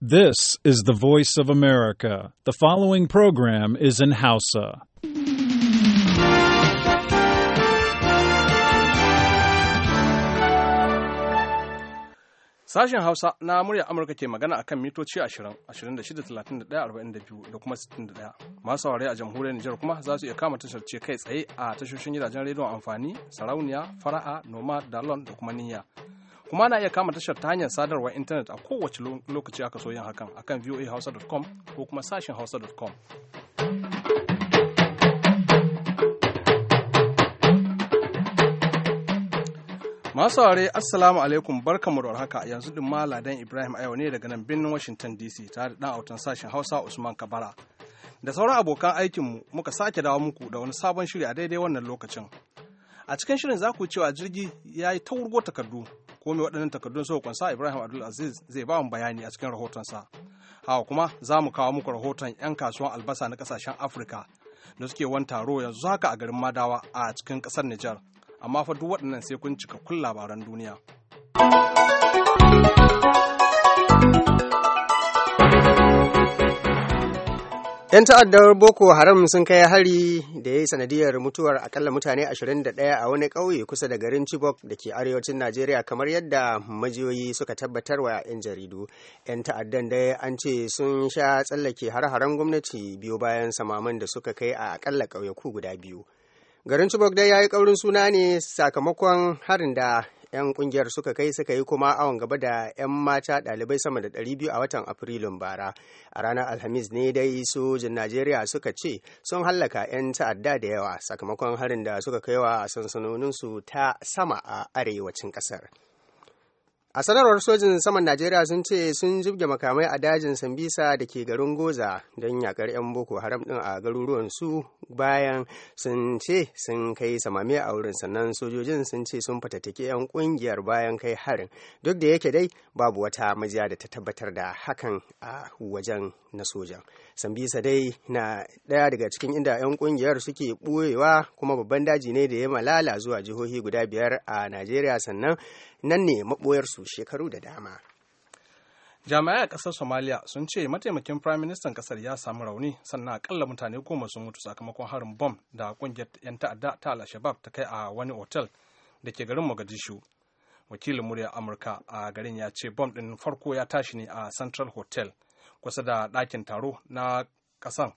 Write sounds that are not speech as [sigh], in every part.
This is the voice of America. The following program is in Hausa. Sashen Hausa na murya Amurka ke magana a kan mitoci 20, 26, 31, 42 da kuma 61. Masu saurari a jamhuriyar Nijar kuma za su iya kama tashar ce kai tsaye a tashoshin gidajen rediyon amfani, sarauniya, fara'a, noma, dalon da kuma niyya. kuma na iya kama tashar ta hanyar sadarwar intanet a kowace lokaci aka so yin hakan akan voahausa.com ko kuma sashen hausa.com masu ware assalamu alaikum barkamu da haka yanzu din ma ladan ibrahim a ne daga nan birnin washington dc tare da dan autan sashen hausa usman kabara da sauran abokan aikinmu muka sake dawo muku da wani sabon shiri a daidai wannan lokacin a cikin shirin za ku cewa jirgi ya yi ta wurgo takardu Komai waɗannan takardun suka kunsa Ibrahim Abdul zai ba mu bayani a cikin rahotonsa. Hawa kuma za mu kawo muku rahoton 'yan kasuwan albasa na ƙasashen Afirka da suke wan taro yanzu haka a garin Madawa a cikin ƙasar Nijar. Amma fa duk waɗannan sai kun cika kun labaran duniya. 'Yan ta'addar Boko Haram sun kai hari da ya yi sanadiyar mutuwar akalla mutane 21 a wani ƙauye kusa da garin Chibok da ke arewacin Najeriya kamar yadda majiyoyi suka tabbatar wa 'yan jaridu. 'Yan ta'addan dai an ce sun sha tsallake har-haren gwamnati biyu bayan samaman da suka kai a akalla ƙauyaku guda biyu. Garin Chibok dai ya yi ƙaurin suna ne sakamakon harin da 'yan kungiyar suka kai suka yi kuma awon gaba da 'yan mata ɗalibai sama da 200 a watan Afrilun bara. A ranar Alhamis ne dai sojin Najeriya suka ce sun hallaka 'yan ta'adda da yawa sakamakon harin da suka kaiwa a sansanoninsu ta sama a arewacin ƙasar. a sanarwar sojin saman najeriya sun ce sun jibge makamai a dajin sambisa da ke garin goza don yakar 'yan boko haram din a garuruwan su bayan sun ce sun kai samame a wurin sannan sojojin sun ce sun fatattake 'yan kungiyar bayan kai harin duk da yake dai babu wata majiya da ta tabbatar da hakan a wajen na sojan. sambisa dai na daya daga cikin inda 'yan kungiyar suke ɓoyewa kuma babban daji ne da ya malala zuwa jihohi guda biyar a najeriya sannan nan ne maɓoyarsu shekaru da dama jami'ai a ƙasar somalia sun ce mataimakin prime minister ƙasar ya samu rauni sannan akalla mutane goma sun mutu sakamakon harin bom da ƙungiyar 'yan ta'adda ta al-shabab ta kai a wani otel da ke garin mogadishu wakilin muryar amurka a garin ya ce bom ɗin farko ya tashi ne a central hotel kusa da ɗakin taro na ƙasan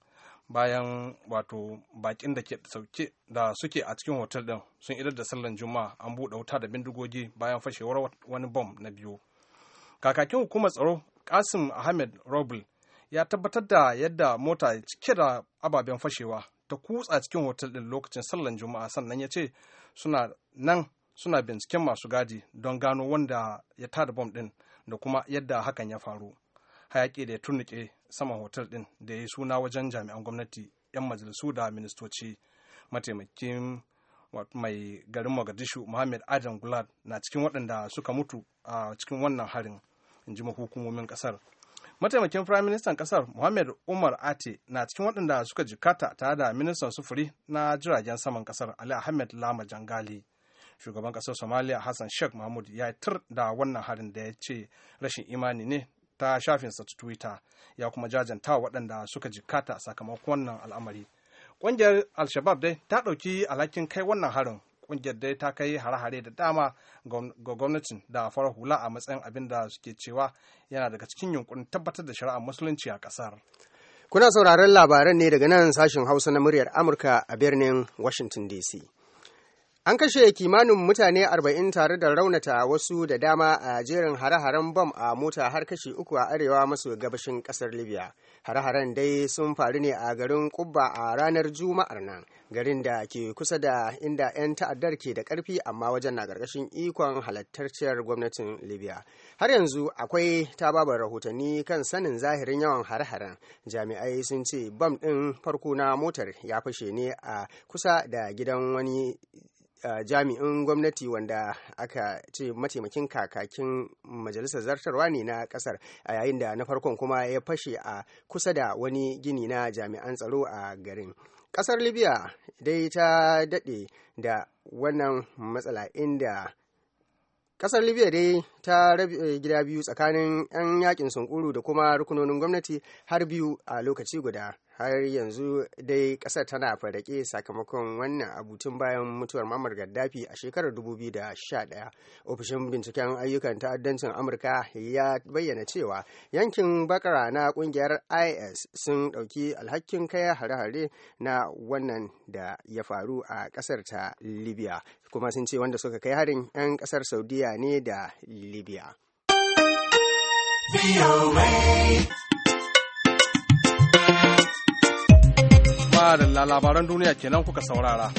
bayan wato bakin da sauke da suke a cikin hotel din sun idar da sallan juma'a an buɗe wuta da bindigogi bayan fashewar wani bom na biyu kakakin hukumar tsaro kasim ahmed robel ya tabbatar da yadda mota cike da ababen fashewa ta kutsa cikin hotel din lokacin sallan juma'a sannan ya ce suna nan suna binciken masu gadi don gano wanda ya tada bom ɗin da kuma yadda hakan ya faru hayaƙi da ya turnike saman hotel ɗin da ya yi suna wajen jami'an gwamnati 'yan majalisu da ministoci mataimakin mai garin mogadishu muhammad adam gulad na cikin waɗanda suka mutu a cikin wannan harin in ji hukumomin ƙasar mataimakin firayim ministan ƙasar muhammad umar ate na cikin waɗanda suka jikata tare da ministan sufuri na jiragen saman ƙasar ali ahmed lama jangali shugaban ƙasar somaliya hassan sheikh mahmud ya tur da wannan harin da ya ce rashin imani ne ta shafinsa ta twitter ya kuma jajanta waɗanda suka jikata sakamakon wannan al'amari ƙungiyar al-shabab dai ta ɗauki alhakin kai wannan harin ƙungiyar dai ta kai hare-hare da dama ga gwamnatin da fara hula a matsayin abin da suke cewa yana daga cikin yunkurin tabbatar da shari'ar musulunci a ƙasar kuna sauraron labaran ne daga nan sashen hausa na muryar amurka a birnin washington dc An kashe kimanin mutane 40 tare da raunata wasu da dama a jerin hare-haren bam a mota har kashi uku a arewa maso gabashin kasar Libya. Hare-haren dai sun faru ne a garin Kubba a ranar Juma'ar nan, garin da ke kusa da inda 'yan ta'addar ke da karfi amma wajen na ƙarƙashin ikon halartacciyar gwamnatin Libya. Har yanzu akwai tababar rahotanni kan sanin zahirin yawan hare-haren. Jami'ai sun ce bom ɗin farko na motar ya fashe ne a kusa da gidan wani jami'in gwamnati wanda aka ce mataimakin kakakin majalisar zartarwa ne na kasar a yayin da na farkon kuma ya fashe a kusa da wani gini na jami'an tsaro a garin kasar libya dai ta daɗe da wannan matsala inda kasar libya dai ta rabe eh, gida biyu tsakanin 'yan yakin sunkuru da kuma rukunonin gwamnati har biyu a lokaci guda har yanzu dai kasar tana farake sakamakon wannan abutun bayan mutuwar mamar gaddafi a shekarar 2011 ofishin binciken ayyukan ta'addancin amurka ya bayyana cewa yankin bakara na kungiyar is sun ɗauki alhakin kai hare-hare na wannan da ya faru a kasar ta libya kuma sun ce wanda suka kai harin 'yan kasar saudiya ne da libya da labaran duniya kenan kuka saurara.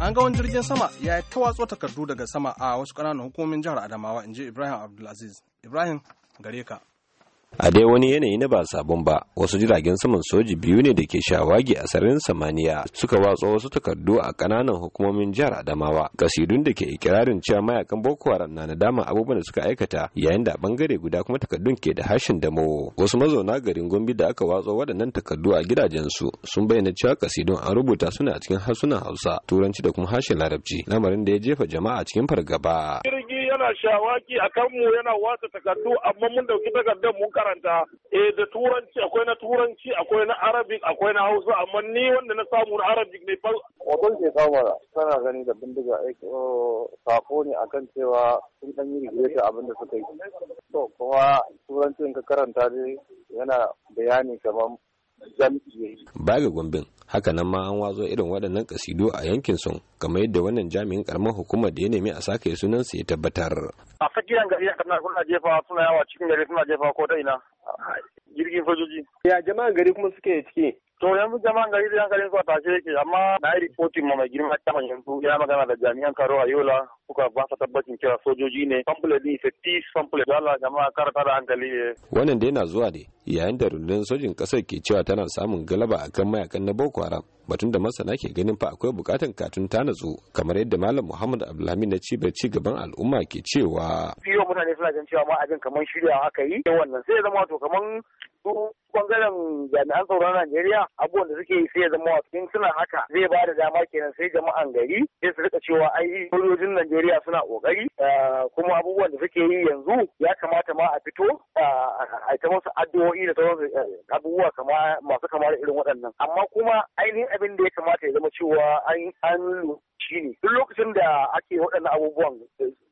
An ga wani jirgin sama ya yi tawatsu takardu daga sama a wasu ƙananan hukumomin jihar Adamawa, in ji Ibrahim Abdulaziz. Ibrahim, gare ka. a dai wani yanayi na ba sabon ba wasu jiragen saman soji biyu ne da ke shawagi a sararin samaniya suka watsa wasu takardu a kananan hukumomin jihar adamawa kasidun da ke ikirarin cewa mayakan boko haram na nadama abubuwan da suka aikata yayin da bangare guda kuma takardun ke da hashin damo wasu mazauna garin gombe da aka watsa waɗannan takardu a gidajensu sun bayyana cewa kasidun an rubuta su ne a cikin harsunan hausa turanci da kuma harshen larabci lamarin da ya jefa jama'a cikin fargaba. jirgi yana shawaki a kanmu yana watsa takardu amma mun dauki takardar mun karanta eh da turanci akwai na turanci akwai na arabic akwai na hausa amma ni wanda na samu na arabic ne fa wato ke kawara kana gani da bindiga aiki eh, sako ne akan cewa sun dan yi rigeta abin da suka yi to kuma turancin ka karanta dai yana bayani kamar ba Baya ga gombin haka nan ma an wazo irin waɗannan kasidu a yankin sun kamar yadda wannan jami'in karamar hukumar da ya nemi a sake sunan su ya tabbatar. A tsakiyar gari a kanar kuna jefa suna yawa cikin gari suna jefa ko ta ina jirgin Ya jama'an gari kuma suke ciki. to yanzu jama'an gari da yankalin su a tashe yake amma na yi rikotin ma mai girma ta yanzu ya magana da jami'an karo a yola kuka ba sa tabbacin cewa sojoji ne pamphlet din sai tis da Allah jama'a kar da hankali eh. wannan da yana zuwa ne yayin da rundunar sojin kasar ke cewa tana samun galaba akan mayakan na Boko Haram batun da masana ke ganin fa akwai bukatan katun ta natsu kamar yadda malam Muhammad Abdulhamid na bai ci gaban al'umma ke cewa yau mutane suna jin cewa ma abin kamar shirya haka yi wannan sai ya zama to kamar su bangaren jami'an na Najeriya abubuwan da suke yi sai ya zama in suna haka zai ba da dama kenan sai jama'an gari sai su rika cewa ai sojojin Najeriya Najeriya suna ƙoƙari eh, kuma abubuwan da suke yi yanzu ya kamata ma a fito eh, a ta masu addu'o'i da sauran eh, abubuwa masu kama da irin waɗannan amma kuma ainihin abin da ya kamata ya zama cewa an shi ne duk lokacin da ake waɗannan abubuwan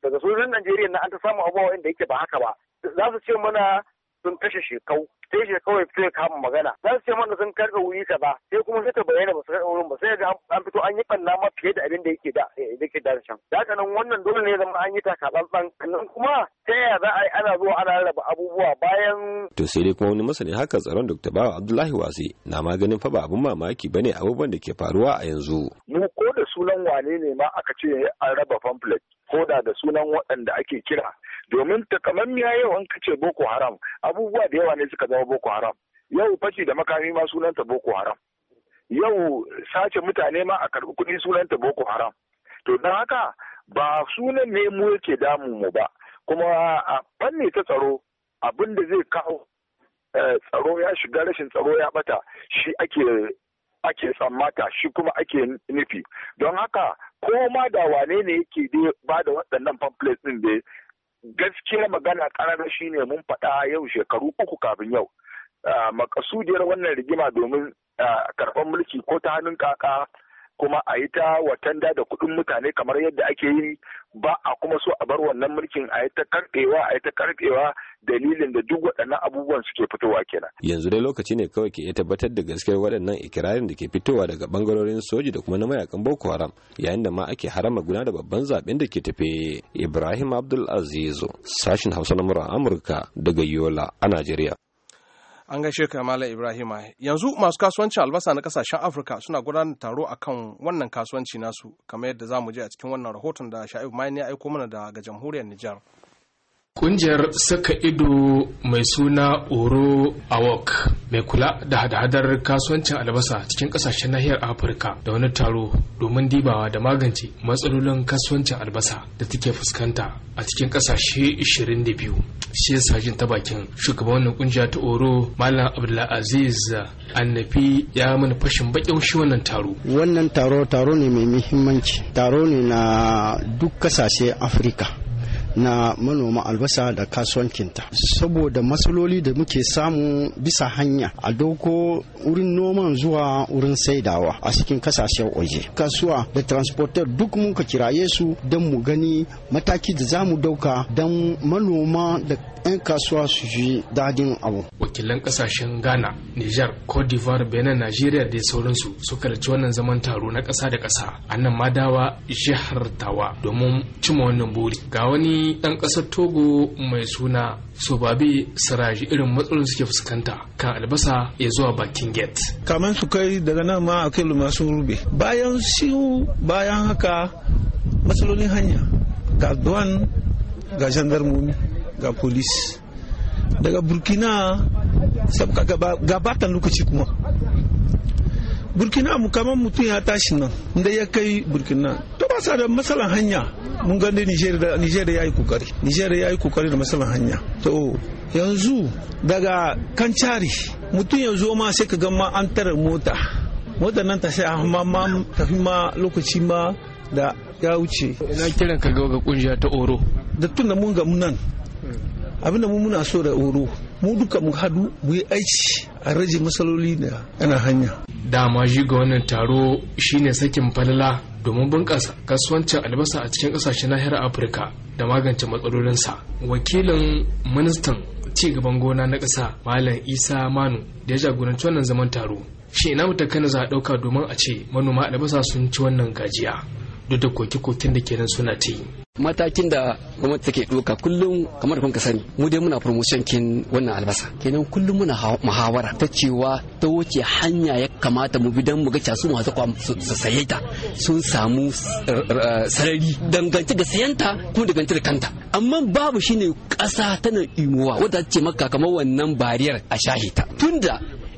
daga sojojin Najeriya na an ta samu abubuwa da yake ba haka ba za su ce mana sun kashe shekau sai shekau ya fito ya kama magana za su ce mana sun karka wuri ka ba sai kuma sai ta bayyana ba su karka wurin ba sai ga an fito an yi banna ma fiye da abin da yake da eh, yake da shan. da haka nan wannan dole ne zama an yi tsantsan nan kuma ta yaya za a yi ana zuwa ana rarraba abubuwa bayan to sai dai kuma wani masani haka tsaron Dr. Bawa Abdullahi Wase na maganin fa ba abun mamaki bane abubuwan da ke faruwa a yanzu mu ko da sunan wane ne ma aka ce an raba pamphlet ko da da sunan waɗanda ake kira domin takamammiya yau an kace boko haram abubuwa da yawa ne suka zama boko haram yau fashi da makami ma sunanta boko haram yau sace mutane ma a karbi kuɗi sunanta boko haram to don haka ba sunan ne mu yake damu mu ba kuma a fanni ta tsaro abin da zai kawo eh, tsaro ya shiga rashin tsaro ya bata shi ake ake tsammata shi kuma ake nufi don haka ko ma da wane ne yake ba da waɗannan pamphlets ɗin da gaskiyar magana ƙarar shi ne mun faɗa yau shekaru uku kafin yau ah, makasudiyar wannan rigima domin ah, karɓar mulki ko ta hannun kaka kuma a yi ta watanda da kuɗin mutane kamar yadda ake yi ba a kuma so a bar wannan mulkin a yi ta karɓewa a yi ta karɓewa dalilin da duk waɗannan abubuwan suke fitowa kenan. Yanzu dai lokaci ne kawai ke tabbatar da gaskiyar waɗannan ikirarin da ke fitowa daga bangarorin soji da kuma na mayakan Boko Haram yayin da ma ake harama guna da babban zaɓen da ke tafe. Ibrahim Abdul Sashen sashin Hausa na Amurka daga Yola a Najeriya. an gaishe ka mala ibrahima yanzu masu kasuwanci albasa na kasashen afirka suna gudanar da taro akan wannan kasuwanci nasu kamar yadda za mu je a cikin wannan rahoton da sha'ibu mai ne aiko mana daga jamhuriyar nijar Kungiyar saka ido mai suna Oro Awok mai kula da hada-hadar kasuwancin albasa cikin kasashen nahiyar Afirka da wani taro domin dibawa da magance matsalolin kasuwancin albasa da take fuskanta a cikin kasashe 22. Shi yasa jin ta bakin shugaban wannan kungiya ta Oro Malam Aziz Annabi ya mana fashin bakin shi wannan taro. Wannan taro taro ne mai muhimmanci. Taro ne na duk kasashe Afirka. na manoma albasa da kasuwancinta saboda matsaloli da muke samu bisa hanya a doko wurin noman zuwa wurin saidawa a cikin kasashen waje kasuwa da transporter duk muka kiraye su don mu gani mataki da za mu dauka don manoma da 'yan kasuwa su ji dadin abu wakilan kasashen ghana niger cote d'ivoire benin nigeria da sauransu suka rarci wannan zaman taro na ƙasa da ƙasa annan madawa jihar tawa domin cimma wannan buri ga wani wani ɗan ƙasar togo mai suna sobabe siraji irin matsalolin suke fuskanta kan albasa ya zuwa bakin gate kamar su kai daga nan ma a kai sun rube bayan siyu bayan haka matsalolin hanya ga duwan ga gendarmomi ga polis daga burkina gabatan lokaci kuma burkina mu kamar mutum ya tashi nan inda ya kai burkina to ba sa da matsalan hanya mun gani niger da ya yi kokari niger ya yi kokari da matsalan hanya to yanzu daga kancari mutum ya zo ma sai ka ga ma an tara mota mota nan ta sai amma ma tafi ma lokaci ma da ya wuce ina kiran ka ga kungiya ta oro da tun da mun ga nan abinda mun muna so da oro mu duka mu hadu mu yi aiki a rage matsaloli da yana hanya dama shi ga wannan taro shine sakin falala domin bunƙasa kasuwancin albasa a cikin ƙasashen nahiyar afirka da magance matsalolinsa wakilin ministan ci gaban gona na ƙasa malam isa manu da ya jagoranci wannan zaman taro shi ina mutakana za a ɗauka domin a ce manoma albasa sun ci wannan gajiya duk da koke-koken da kenan suna ta yi matakin da gwamnati take doka kullum kamar kun ka sani mu dai muna promotion kin wannan albasa kenan kullum muna muhawara ta cewa ta wuce hanya ya kamata mu bi dan mu ga casu masu kwam su saye sun samu sarari dangance da sayanta kuma dangance da kanta amma babu shine ƙasa tana imuwa wadda ce maka kamar wannan bariyar a shahita tunda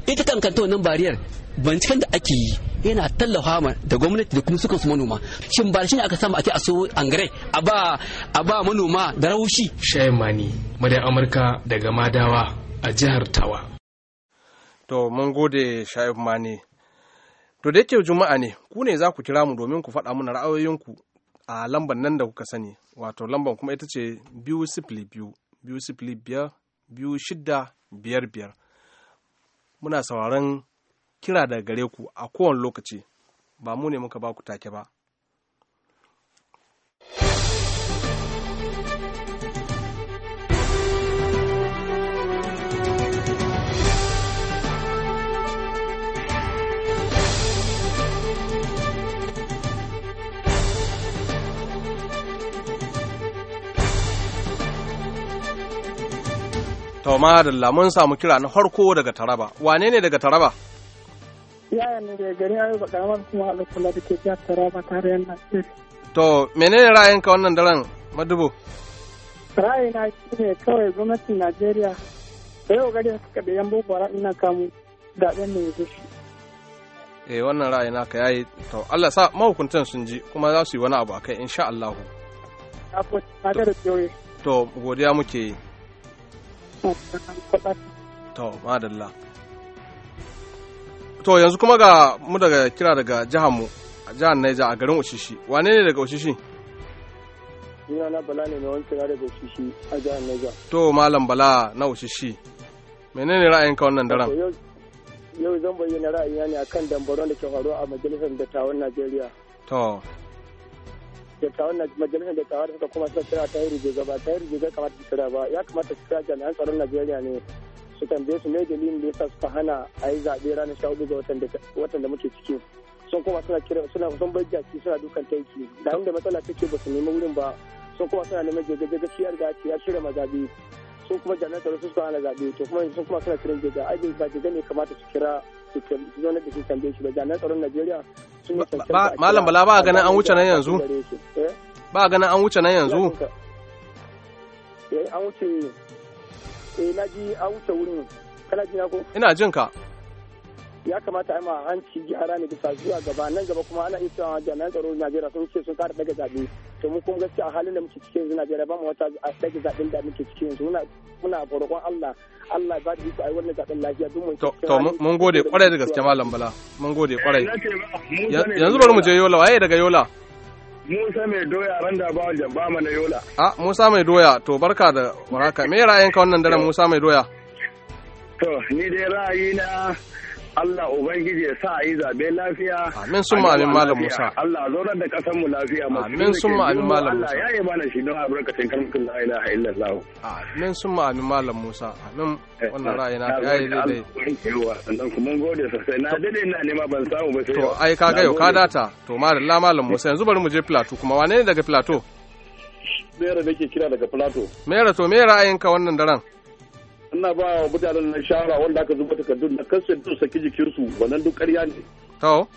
ita kankanta wannan bariyar bancikan da ake yi yana tallafa ma da gwamnati da kuma sukan su manoma shin ba shi ne aka samu a ce a so angare a ba a ba manoma da raushi shayin mani madan amurka daga madawa a jihar tawa to mun gode shayin mani to da yake juma'a ne ku ne za ku kira mu domin ku faɗa mana ra'ayoyinku a lambar nan da kuka sani wato lambar kuma ita ce biyu sifili biyu biyu sifili biyar biyu shida biyar biyar muna sauraron kira daga gare ku a kowane lokaci ba mu ne muka ba ku take ba Tauma da lamun samu kira na farko daga Taraba. Wane ne daga Taraba? Yaya ne da garin Ayuba Karamar kuma Alakula da ke jihar Taraba tarayyar Najeriya. To, menene ra'ayinka wannan daren madubo? Ra'ayina shi ne kawai gwamnatin Najeriya da yau gari suka da yan boko ina kamu zaɓen ne ya shi. Eh wannan ra'ayi naka yayi to Allah sa mahukuntan sun ji kuma za su yi wani abu akai insha Allah. To godiya muke yi. To madalla. to yanzu kuma ga mu daga kira daga jihar mu a jihar Niger a garin Oshishi wane ne daga Oshishi Ina na bala ne mai wancan daga Oshishi a jihar Niger to malam bala na Oshishi menene ra'ayinka wannan daren yau zan bayyana ra'ayina ne akan dambaron da ke faruwa a majalisar dattawan Najeriya to dattawan majalisar dattawan da suka kuma suka kira ta yi rigega ba ta yi rigega kamata ta kira ba ya kamata ta kira jami'an tsaron Najeriya ne su tambaye su me dalilin da yasa suka hana a yi zaɓe ranar sha hudu ga watan da muke ciki sun kuma suna kira suna sun bar jaki suna dukan tanki da inda matsala take ba su nemi wurin ba sun kuma suna neman jirgin gaskiyar da ake ya shirya mazaɓe sun kuma jami'an tsaro sun hana zaɓe to kuma sun kuma suna kiran jirgin ai ba jirga ne kamata su kira su zaune da su tambaye shi ba jami'an tsaron Najeriya sun yi Malam Bala ba a ganin an wuce nan yanzu? Eh? Ba a ganin an wuce nan yanzu? Eh an wuce eh na ji an wuce wurin kana ji ko ina jin ka ya kamata a an ci gyara ne bisa zuwa gaba nan gaba kuma ana isa cewa jami'an tsaro Najeriya sun ce sun kara daga zabe to mu kuma gaskiya a halin da muke cikin yanzu Najeriya ba mu wata a daga zaben da muke cikin yanzu muna muna farkon Allah Allah ya ba da iko ai wannan zaben lafiya duk mun to mun gode kwarai da gaske malam Bala mun gode kwarai yanzu bari mu je Yola waye daga Yola Musa mai doya ran da ba jamba mana yola. Ah, Musa mai doya, to barka da waraka. Me ra'ayinka wannan daren Musa mai doya? To, ni dai ra'ayi na Allah Ubangiji ya sa a yi zaɓe lafiya. Amin sun ma'amin Malam Musa. Allah zaunar da ƙasar mu lafiya. Amin sun ma'amin Malam Musa. Allah ya yi mana shi don albarkacin kalmukun la ilaha illallah. Amin sun ma'amin Malam Musa. Amin wannan ra'ayi na ya yi daidai. Sannan gode sosai. Na daidai na nema ban samu ba sai. To ai ka ga yau ka data. To madalla Malam Musa yanzu bari mu je Plateau kuma wane ne daga Plateau? Mera nake kira daga Plateau. Mera to me ra'ayinka wannan daren? ina ba wa mutanen na shara wanda aka zuba takardun na kansu su saki jikinsu wannan duk ƙarya ne. Tawo.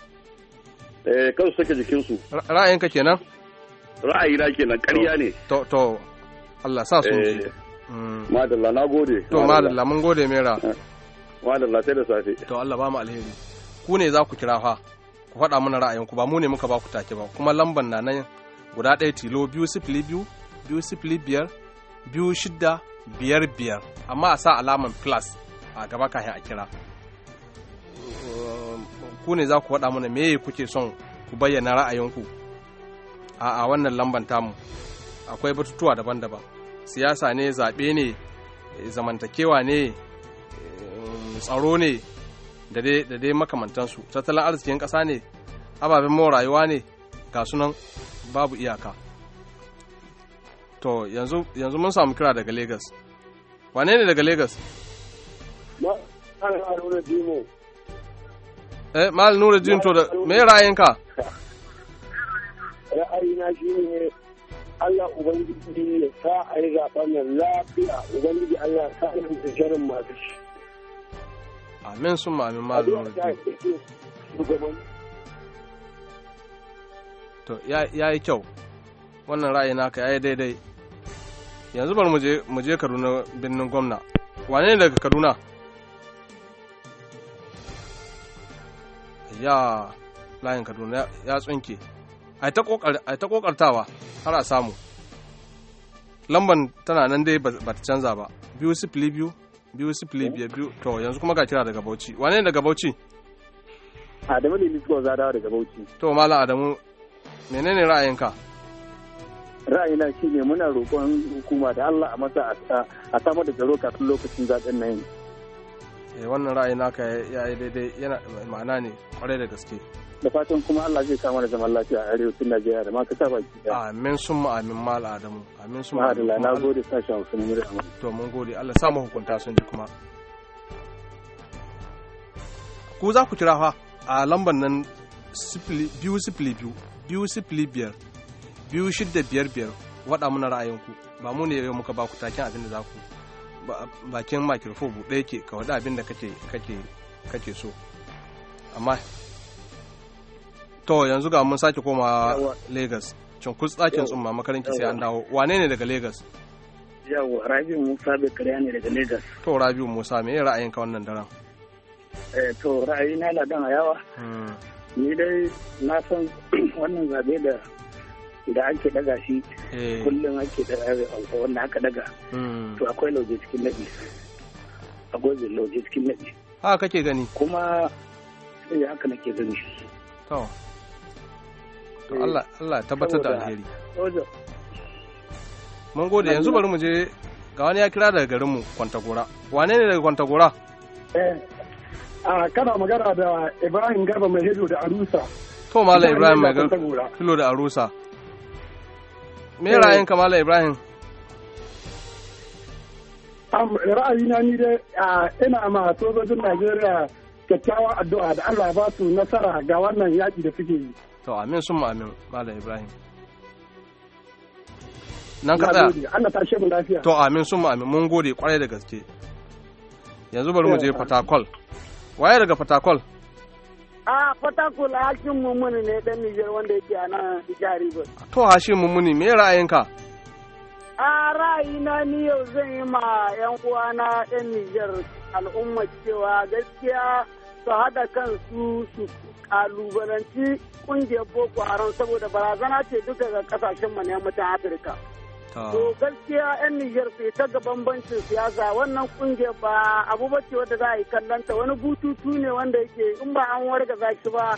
Eh kansu saki jikinsu. Ra'ayinka kenan? ra'ayi na kenan ƙarya ne. To to Allah sa su. Eh. Mm. Madalla na gode. To madalla mun gode mera. Eh. Madalla sai da safe. To Allah ba mu alheri. Ku ne za ku kira fa. Ku faɗa mana ra'ayinku ba mu ne muka ba ku take ba kuma lamban na nan guda ɗaya tilo biyu sifili biyu biyu sifili biyar biyu shidda biyar biyar amma a sa alaman plus a gaba kafin a kira ku ne za ku faɗa mana me kuke son ku bayyana ra'ayinku a wannan lamban tamu akwai batutuwa daban-daban siyasa ne zaɓe ne zamantakewa ne eh, tsaro ne da dai makamantansu tattalin arzikin ƙasa ne ababen rayuwa ne ga sunan babu iyaka To yanzu mun samu kira daga Legas. Wane ne daga Legas? Eh, Mal Nura Jin to da me ra'ayinka? [laughs] Ra'ayina shi ne Allah Ubangiji ya sa a yi zaɓen nan lafiya Ubangiji Allah sa a yi shirin masu shi. Amin sun ma amin Mal Nura Jin. To ya yi kyau. Wannan ra'ayi naka ya yi daidai. yanzu bari mu je kaduna birnin gwamna wane ne daga kaduna ya layin kaduna ya tsunke a ta kokartawa har a samu lamban tana nan dai ba ta canza ba biyu sifili biyu biyu sifili biyar biyu to yanzu kuma ga kira daga bauchi wane daga bauchi adamu ne misko zadawa daga bauchi to malam adamu menene ra'ayinka ra'ayina shi ne muna roƙon hukuma da Allah a masa a sama da tsaro kafin lokacin zaɓen nan eh, wannan ra'ayi naka ya yi daidai yana ma'ana ne kwarai da gaske da fatan kuma Allah zai kama da zaman lafiya a arewacin Najeriya da ma kasa baki amin sun ma amin mal adamu amin sun ma adamu na gode sashen hausa na murya to mun gode Allah sa mu hukunta sun ji kuma ku za ku kira fa a lambar nan biyu sifili biyu biyu sifili biyar biyu shidda biyar biyar waɗa muna ra'ayinku ba mu ne muka ba ku takin abin da za ku bakin makirfo buɗe ke ka waɗa abin da kake so amma to yanzu ga mun sake koma lagos cunkus tsakin tsumma makaranki sai an dawo wane ne daga lagos yawa rabiu musa bekariya ne daga lagos to Rabi musa me ka wannan daren eh, to ra'ayi na ladan yawa. Hmm. ni dai na san [clears throat] wannan zabe da idan an ke daga shi eh. kullum an ke daga wanda aka daga hmm. to akwai lauje cikin a akwai lauje cikin naɗi haka kake gani kuma sai haka nake gani to to eh. Allah Allah tabbatar da alheri mun gode yanzu bari mu je ga wani ya kira daga garinmu kwantagora wane ne daga kwantagora eh, a kana magana da ibrahim garba mai hilo da arusa to la ibrahim mai kilo da arusa me ra'ayin kamala ibrahim ra'ayina ni dai ina ma sojojin najeriya kyakkyawan addu'a da allah ba su nasara ga wannan yaƙi da suke yi to amin sun amin malam ibrahim nan ka tsaya allah ta mu lafiya to amin sun amin mun gode kwarai da gaske yanzu bari mu je fatakol waye daga fatakol A Fataku Hashim Mummuni ne dan Nijar wanda yake a nan jihar Rivers. To Hashim Mummuni me ra'ayinka? A ra'ayina ni yau zan yi ma 'yan uwana 'yan Nijar al'umma cewa gaskiya su haɗa kansu su kalubalanci ƙungiyar Boko Haram saboda barazana ce duka ga ƙasashen mu na yammacin Afirka. To gaskiya 'yan Nijar sai ta ga bambancin siyasa wannan kunge ba abu bace wadda za a yi kallanta wani bututu ne wanda yake in ba an warga za ba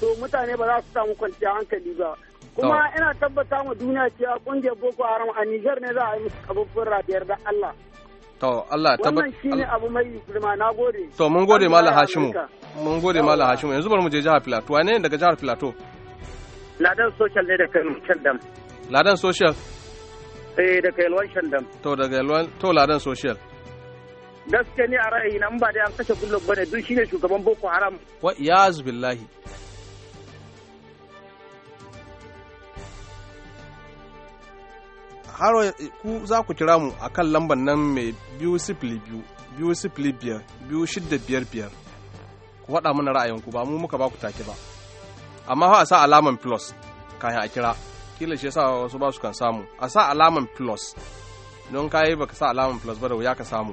to mutane ba za su samu kwanciyar hankali ba. Kuma ina tabbata ma duniya cewa kungiyar Boko Haram a Nijar ne za a yi musu abubuwan rabiyar da Allah. To Allah tabbata. Wannan shine abu mai girma na gode. To mun gode Malam Hashimu. Mun gode Malam Hashimu. Yanzu bari mu je jihar Filato. Wane ne daga jihar Filato? Ladan Social ne da Kano Ladan Social. eh daga yalwan shandam to daga yalwan to ladan social gaske ne a ra'ayi na ba dai an kashe gullok bane duk shine shugaban boko haram wa iyaz billahi haro ku za ku kira mu akan lambar nan mai biyu sifili biyu biyu sifili biyar biyu shidda biyar biyar ku faɗa mana ra'ayinku ba mu muka ba ku take ba amma fa a sa alaman plus kayan a kira kila shi yasa wasu ba su kan samu a sa alaman plus don ka yi baka sa alaman plus ba da wuya ka samu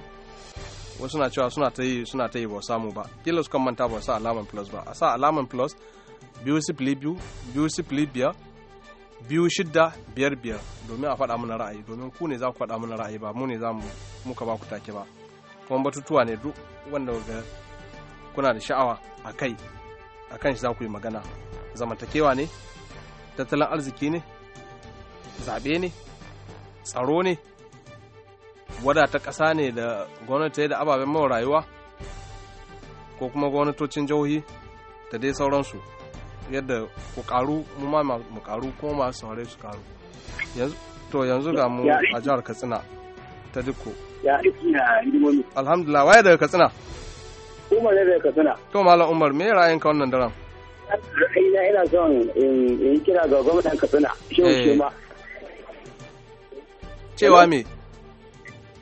wasu na cewa suna ta yi suna ta yi ba samu ba kila su kan manta ba sa alaman plus ba a sa alaman plus biyu sifili biyu biyu sifili biyar biyu shidda biyar biyar domin a faɗa mana ra'ayi domin ku ne za ku faɗa mana ra'ayi ba mu ne za mu muka ba ku take ba kuma batutuwa ne duk wanda ga kuna da sha'awa a kai a kan shi za ku yi magana zamantakewa ne tattalin arziki ne zaɓe ne tsaro ne wadata ƙasa ne da gwamnati da ababen mawa rayuwa ko kuma gwamnatocin jihohi da dai sauransu yadda ku karu mu ma mu karu ko masu saurare su karu to yanzu ga mu a jihar katsina ta dukko alhamdulillah waye daga katsina umar ne daga katsina to malam umar me ra'ayin ka wannan daren ina ina son in kira ga gwamnatin katsina shi eh. ma cewa me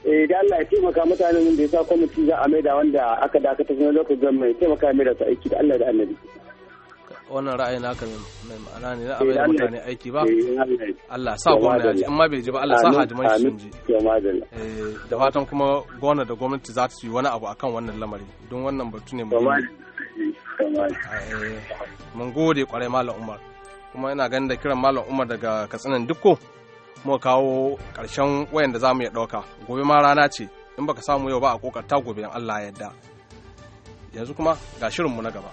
eh da Allah ya taimaka mutanen da ya sa kwamiti za a maida wanda aka dakatar na lokacin mai taimaka mai da su aiki da Allah da annabi wannan na naka mai ma'ana ne na abin eh, da mutane aiki ba eh, Allah sa gwamna ya ji amma bai ji ba Allah sa hajiman shi sun ji eh, da fatan kuma gwamna da gwamnati za ta yi wani abu akan wannan lamari don wannan batu ne muhimmi mun gode kwarai malam Umar kuma ina ganin da kiran malam Umar daga Katsinan Dukko muka kawo ƙarshen wayan da za mu iya ɗauka gobe ma rana ce in baka samu yau ba a ƙoƙarta gobe in Allah ya yanzu kuma ga shirin mu na gaba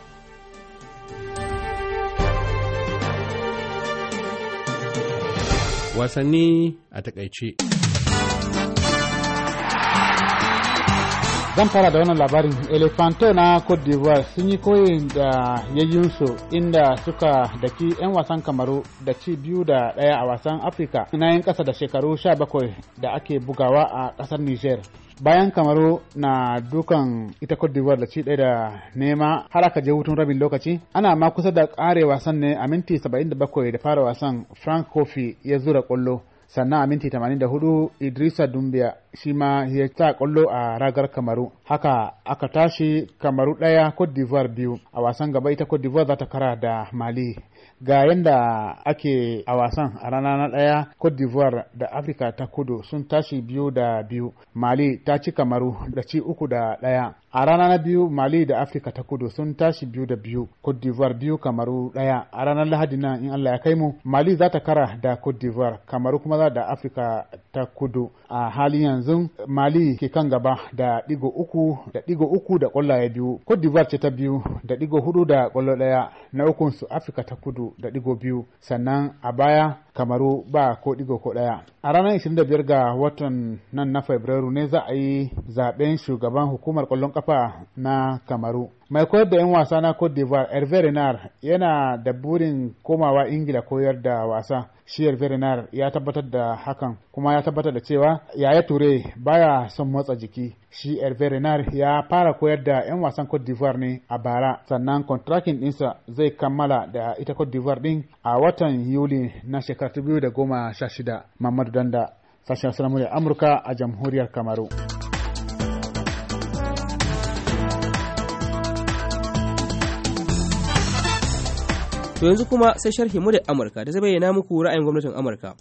wasanni a takaice zan fara da wannan labarin elefanto na cote d'ivoire sun yi koyi da yayyunsu inda suka daki 'yan wasan kamaru da ci biyu da ɗaya a wasan afirka na yin ƙasa da shekaru 17 da ake bugawa a kasar niger bayan kamaru na dukan ita Cote d'Ivoire da ci daya da nema har aka je hutun rabin lokaci ana ma kusa da ƙare wasan ne a minti 77 da fara wasan frank kofi ya zura ƙwallo sannan a minti 84 idrisa dumbia shi ma ya ta kwallo a ragar kamaru haka aka tashi kamaru ɗaya cote biyu a wasan gaba ita cote d'ivoire za ta kara da mali ga yadda ake a wasan a rana na ɗaya cote d'ivoire da afirka ta kudu sun tashi biyu da biyu mali ta ci kamaru da ci uku da ɗaya a rana na biyu mali da afirka ta kudu sun tashi biyu da biyu cote d'ivoire biyu kamaru ɗaya a ranar lahadi na in allah ya kai mu mali za ta kara da cote d'ivoire kamaru kuma za da afirka ta kudu a hali yanzu mali ke kan gaba da ɗigo uku da ɗigo uku da ƙwallaye biyu cote d'ivoire ce ta biyu da ɗigo hudu da ƙwallo ɗaya na ukunsu afirka ta kudu da digo biyu sannan a baya kamaru ba ko digo ko ɗaya a ranar 25 ga watan nan na fabrairu ne za a yi zaɓen shugaban hukumar kwallon kafa na kamaru mai koyar da 'yan wasa na cote d'ivoire hervé renard yana da burin komawa ingila koyar da wasa shi hervé renard ya tabbatar da hakan kuma ya tabbatar da cewa yaya ture baya son motsa jiki shi hervé renard ya fara koyar da 'yan wasan cote d'ivoire ne a bara sannan kontrakin dinsa zai kammala da ita cote d'ivoire din a watan yuli na shekarar 2016 mamadu danda sashen da amurka a jamhuriyar kamaru To yanzu kuma sai sharhi mu da Amurka da zai bayyana muku ra'ayin gwamnatin Amurka.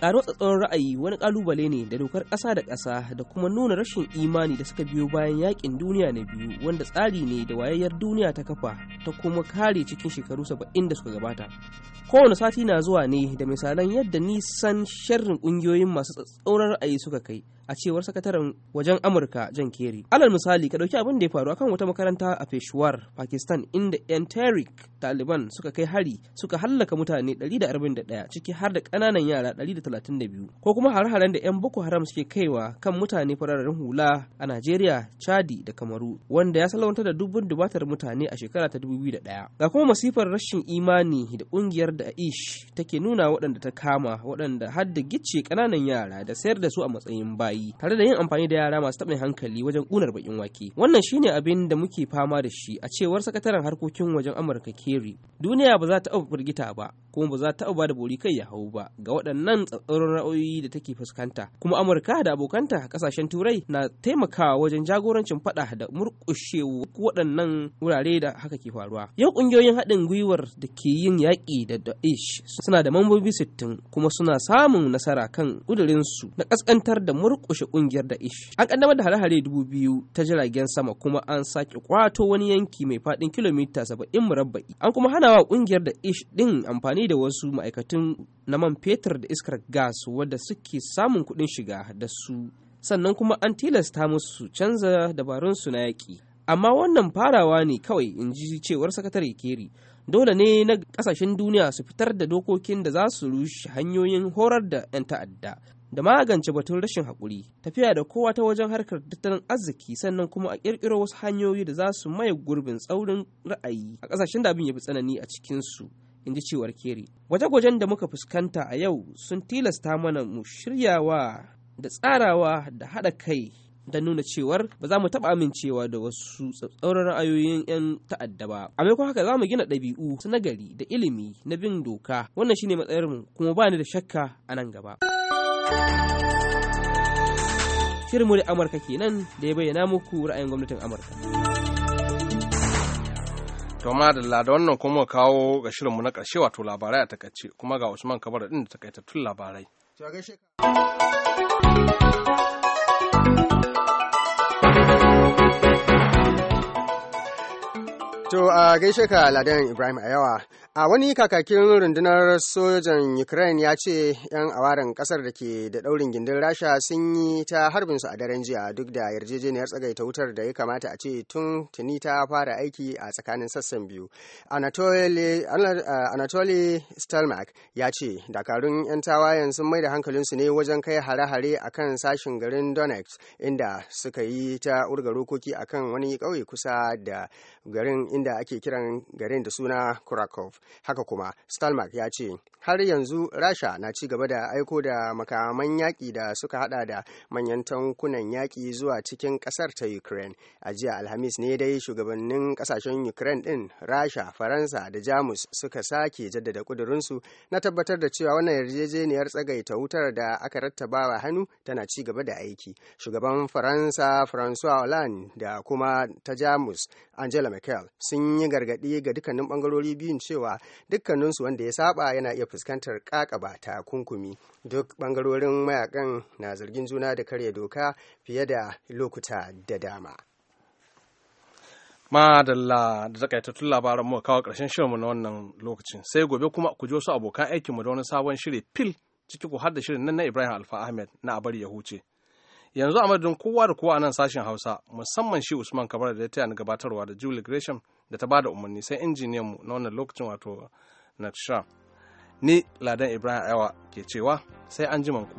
Ƙaro tsatsauran ra'ayi wani ƙalubale ne da dokar ƙasa da ƙasa da kuma nuna rashin imani da suka biyo bayan yakin duniya na biyu wanda tsari ne da wayayyar duniya ta kafa ta kuma kare cikin shekaru saba'in da suka gabata. Kowane sati na zuwa ne da misalan yadda nisan sharrin ƙungiyoyin masu tsatsauran ra'ayi suka kai a cewar sakataren wajen amurka john kerry alal misali ka dauki abin da ya faru akan wata makaranta a peshawar pakistan inda yan tarik taliban suka kai hari suka hallaka mutane 141 ciki har da kananan yara 132 ko kuma har-haren da yan boko haram suke kaiwa kan mutane fararen hula a nigeria chadi da kamaru wanda ya salwantar da dubun dubatar mutane a shekara ta 2001 ga kuma masifar rashin imani da kungiyar da aish take nuna waɗanda ta kama waɗanda hadda gicce kananan yara da sayar da su a matsayin baya. bayi tare da yin amfani da yara masu taɓin hankali wajen ƙunar bakin wake wannan shine abin da muke fama da shi a cewar sakataren harkokin wajen amurka kerry duniya ba za ta taɓa firgita ba kuma ba za ta taɓa bada da bori kai ya hau ba ga waɗannan tsatsauran ra'ayoyi da take fuskanta kuma amurka da abokanta a ƙasashen turai na taimakawa wajen jagorancin faɗa da murƙushe waɗannan wurare da haka ke faruwa yau ƙungiyoyin haɗin gwiwar da ke yin yaƙi da da'ish suna da mambobi 60 kuma suna samun nasara kan ƙudurinsu na ƙasƙantar da murƙu kushe kungiyar da an kaddamar da hare-hare dubu biyu ta jiragen sama kuma an sake kwato wani yanki mai faɗin kilomita saba'in murabba'i an kuma hana wa ƙungiyar da ish ɗin amfani da wasu ma'aikatun na man fetur da iskar gas wadda suke samun kuɗin shiga da su sannan kuma an tilasta musu canza dabarun su na yaƙi amma wannan farawa ne kawai in ji cewar sakatare keri dole ne na kasashen duniya su fitar da dokokin da za su rushe hanyoyin horar da 'yan ta'adda da magance batun rashin haƙuri tafiya da kowa ta wajen harkar tattalin arziki sannan kuma a ƙirƙiro wasu hanyoyi da za su maye gurbin tsaurin ra'ayi a ƙasashen da abin ya fi tsanani a cikinsu in ji cewar keri gwaje-gwajen da muka fuskanta a yau sun tilasta mana mu shiryawa da tsarawa da haɗa kai da nuna cewar ba za mu taɓa amincewa da wasu tsatsauran ra'ayoyin 'yan ta'adda ba a maimakon haka za mu gina ɗabi'u su nagari da ilimi na bin doka wannan shine matsayarmu kuma ba ni da shakka a nan gaba. Shirin da Amurka kenan da ya bayyana muku ra'ayin gwamnatin Amurka. To madalla da wannan kuma kawo ga shirinmu na ƙarshe wato labarai a takaice kuma ga Usman Kabar din da takaitattun labarai. To a gaishe ka Ladan Ibrahim a yawa A wani kakakin rundunar sojan Ukraine ya ce 'yan awaren kasar da ke da daurin gindin Rasha sun yi ta harbin su a daren jiya duk da yarjejeniyar tsagaita wutar da ya kamata a ce tun tuni ta fara aiki a tsakanin sassan biyu. Anatoly eh, Stelmak ya ce dakarun 'yan tawayen sun mai da hankalinsu ne wajen kai hare-hare a kan sashen garin Donetsk inda suka yi ta urga rokoki a kan wani ƙauye kusa da garin inda ake kiran garin da suna Krakow. haka kuma stalmark ya ce har yanzu rasha na ci gaba da aiko da makaman yaƙi da suka hada da manyan tankunan yaƙi zuwa cikin ƙasar ta ukraine a jiya alhamis ne dai shugabannin ƙasashen ukraine ɗin rasha faransa da jamus suka sake jaddada ƙudurinsu na tabbatar da cewa wannan yarjejeniyar tsagaita wutar da aka rattabawa hannu tana ci gaba da aiki shugaban faransa francois hollande da kuma ta jamus angela merkel sun yi gargaɗi ga dukkanin ɓangarori biyun cewa dukkaninsu wanda ya saba yana iya fuskantar kakaba ta kunkumi duk bangarorin mayakan na zargin juna da karya doka fiye da lokuta da dama madalla da ta tun labaran mu kawo karshen shirinmu na wannan lokacin sai gobe kuma ku ji wasu abokan aikinmu da wani sabon shiri fil ciki ku har da shirin nan na ibrahim alfa ahmed na abar ya huce yanzu a madadin kowa da kowa a nan sashen hausa musamman shi usman kabar da ya taya ni gabatarwa da julie gresham da ta bada umarni sai injiniyan mu na wannan lokacin wato natsha ni ladan ibrahim ayawa ke cewa sai an ku.